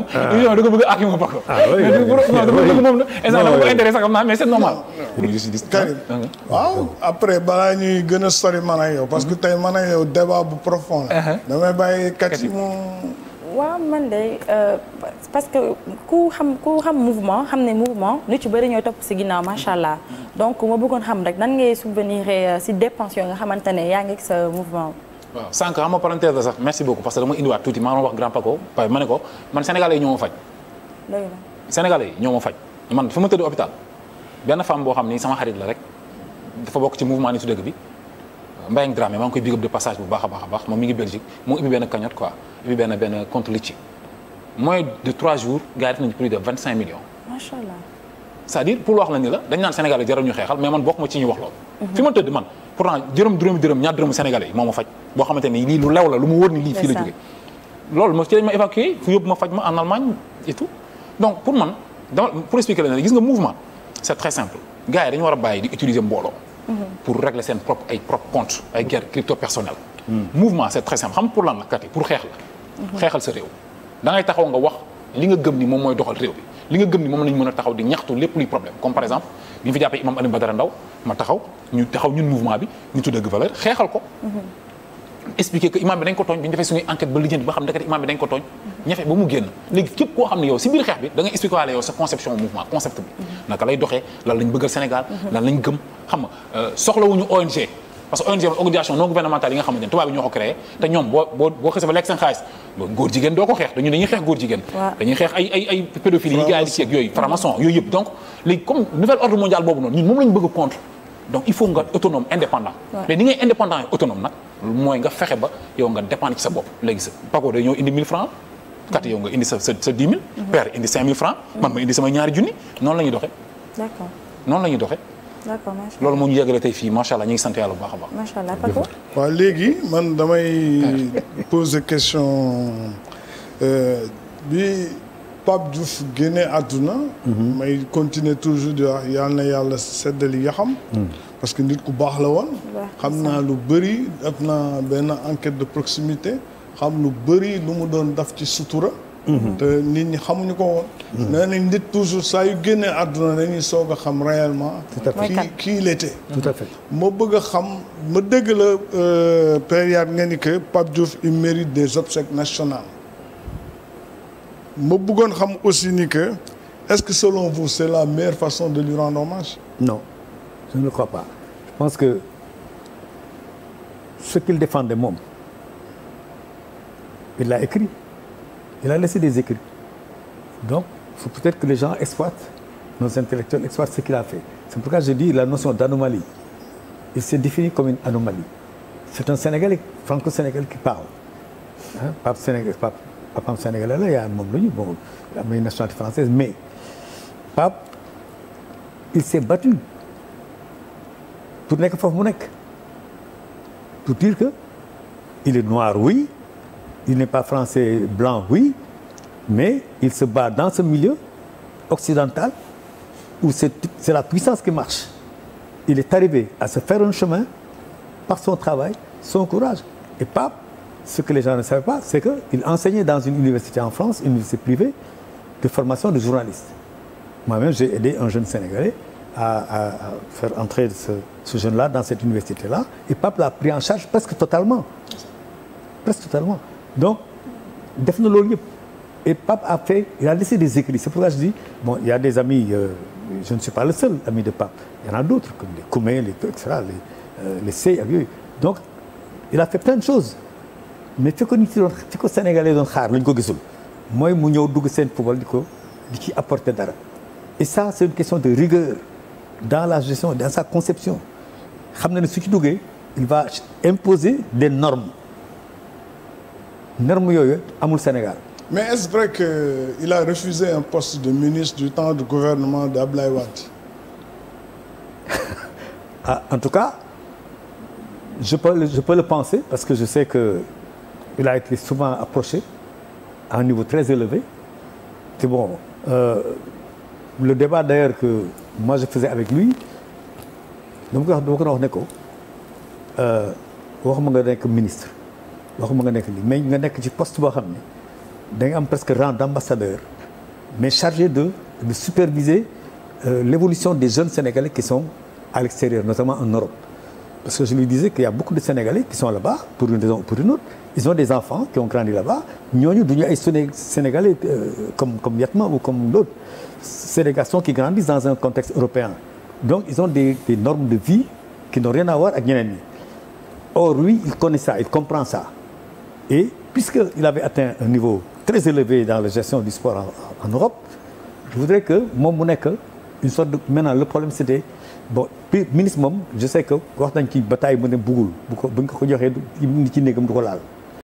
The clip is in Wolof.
moom. émission ah. da ko bëgg a àgg moom parce que. ah oui oui moom instant dama ko intéressé xam naa mais c'est normal. Ah, waaw après balaa ñuy gën a sori man ak yow. parce que tey man ak yow débat bu profond la. Ah, damay bàyyi kati mu. waaw man de euh, parce que ku xam ku xam mouvement xam ne mouvement nit yu bëri ñoo topp si ginnaaw macha allah donc ma bëggoon xam rek nan ngay subvenir euh, si dépense yoo nga xamante ne yaa ngi sa mouvement. waaw sànq xam ma parenthèse la sax merci beaucoup parce que dama indiwaat tuuti maa ngi wax grand Paco waaye ma ne ko man sénégalais yi ñoo ma faj. dëgg la sénégalais yi man fu ma tëdd hôpital benn femme boo xam ni sama xarit la rek dafa bokk ci mouvement nitu dëgg bi Mbayang Dramé ma ngi koy bigab de passage bu baax a baax a baax moom mi ngi Belgique mu ubbi benn cagnotte quoi ubbi benn benn compte litchi moins de 3 jours gars yi def nañu plus de 25 millions. la ni la dañ naan sénégalais jarul ñu xeexal mais man bokk ma ci ñu wax loolu. Mhm. fi ma tëdd man pourtant juróom juróomi dërëm ñaar dërëmu sénégalais yi moo ma faj boo xamante ni lu lew la lu mu wóor ni lii fii la jóge loolu ma ci lañ ma évacué fu yóbbu ma faj ma en Allemagne et tout donc pour man dama pour expliquer la ne gis nga mouvement c'est très gars yi dañu war a bàyyi di utiliser mbooloo mm-hmm. pour régler seen propre ay propre compte ay guerre crypto personnel mm. mouvement c'est très simple xam pour lan la kat pour xeex la mm-hmm. xeexal sa réew da ngay taxaw nga wax li nga gëm ni moom mooy doxal réew bi li nga gëm ni moom lañu mën a taxaw di ñaxtu lépp luy problème comme par exemple ma taxaw ñu taxaw ñun mouvement bi ñu tudd dëgg valeur xeexal ko. expliquer que imam bi dañ ko tooñ bi ñu defee suñuy enquête ba lijjanti ba xam ndekete imam bi dañ ko tooñ ñafe ba mu génn léegi képp koo xam ne yow si biir xeex bi da ngay expliquer waale yow sa conception mouvement concept bi naka lay doxee lan lañ bëggal Sénégal mhm. lan lañ gëm xam nga euh, soxlawuñu ONG parce que ONG organisation non gouvernementale yi nga xamante ne tubaab yi ñoo ko créé te ñoom boo boo ba lekk seen xaalis góor jigéen doo ko xeex dañu xeex góor jigéen dañuy xeex ay ay ay yi gars yi ci yooyu franc yooyu yëpp donc léegi comme nouvel ordre mondial boobu noonu ñun moom lañu bëgg contre donc il faut nga autonome indépendant mais ni ngay indépendant et autonome nag mooy nga fexe ba yow nga dépendre ci sa bopp léegi sa pako day ñëw indi 1000 francs kat yow mhm. sama ñaari junni noonu la ñuy doxee d'accord noonu la ñuy doxee loolu moo ñu yàggale tey fii macha allah ñu ngi sant yàlla bu baax a baax. macha allah Paco. waaw léegi man damay poser question euh, bi Pape Diouf génnee àdduna. Mhm. may continuer toujours di wax na yàlla seddali yaxam. Mhm. parce que nit ku baax la woon. xam naa lu bëri def naa benn enquête de proximité xam lu bëri lu mu doon daf ci sutura. Mm-hmm. te nit ñi xamuñu ko woon. Mm-hmm. nee nañ nit toujours saa yu génnee àdduna dañuy soog a xam réellement. kii kii l'été. à fait mm-hmm. ma bëgg a xam ma dégg la euh, période nga ni que Pape Diouf il mérite des obsèques nationales. ma bëggoon xam aussi ni que est-ce que selon vous c'est la meilleure façon de lui rendre hommage. non je ne crois pas je pense que ce qu'il défendait moom il l'a écrit. il a laissé des écrits. Donc, il faut peut-être que les gens exploitent, nos intellectuels exploitent ce qu'il a fait. C'est pourquoi je dis la notion d'anomalie. Il s'est défini comme une anomalie. C'est un Sénégalais, franco-sénégalais qui parle. Hein? Pape Sénégalais, pape, pape Sénégalais, là, il y a un membre, bon, il y a une nationalité française, mais Pape, il s'est battu pour nekk foofu mu nekk. Pour dire que il est noir, oui, il n'est pas français blanc, oui, mais il se bat dans ce milieu occidental où c'est la puissance qui marche. Il est arrivé à se faire un chemin par son travail, son courage. Et pas ce que les gens ne savaient pas, c'est qu'il enseignait dans une université en France, une université privée, de formation de journaliste. Moi-même, j'ai aidé un jeune Sénégalais à, à, à faire entrer ce, ce jeune-là dans cette université-là. Et Pape l'a pris en charge presque totalement. Presque totalement. donc def na loolu yëpp et Pape a fait il a laissé des écrits c'est pourquoi je dis bon il y a des amis euh, je ne suis pas le seul ami de Pape il y en a d'autres comme les Koumé les trucs etc euh, donc il a fait plein de choses mais fi ko nit yi doon fi ko sénégalais doon xaar lañ ko gisul mooy mu ñëw dugg seen poubelle di ko di ci apporter dara et ça c'est une question de rigueur dans la gestion dans sa conception xam na ne su ci duggee il va imposer des normes norme yooyu amul Sénégal. mais est-ce vrai que euh, il a refusé un poste de ministre du temps du gouvernement d'Ablaye Wade. ah en tout cas je peux je peux le penser parce que je sais que il a été souvent approché à un niveau très élevé c'est bon euh, le débat d'ailleurs que moi je faisais avec lui dama ko wax dama ko wax ne ko euh, wax ma nga nekk ministre. waxuma nga nekk li mais nga nekk ci poste boo xam ne am presque rang d' ambassadeur mais chargé de de superviser euh, l' évolution des jeunes sénégalais qui sont à l'extérieur notamment en Europe parce que je lui disais qu'il y a beaucoup de sénégalais qui sont là-bas pour une raison ou pour une autre sénégalais euh, comme comme Yatma ou comme d'autres c'est des garçons qui grandissent dans un contexte européen donc ils ont des des normes de vie qui n'ont rien à voir ak ñeneen ñi or lui il connaît ça il comprend ça Et puisqu'il avait atteint un niveau très élevé dans la gestion du sport en, en Europe, je voudrais que moom mu nekk une sorte de maintenant le problème c'était bon ministre moom je sais que wax nañ ci bataille mu ne buggul bu ko bu ko joxee joxee nit ci néegam du ko laal.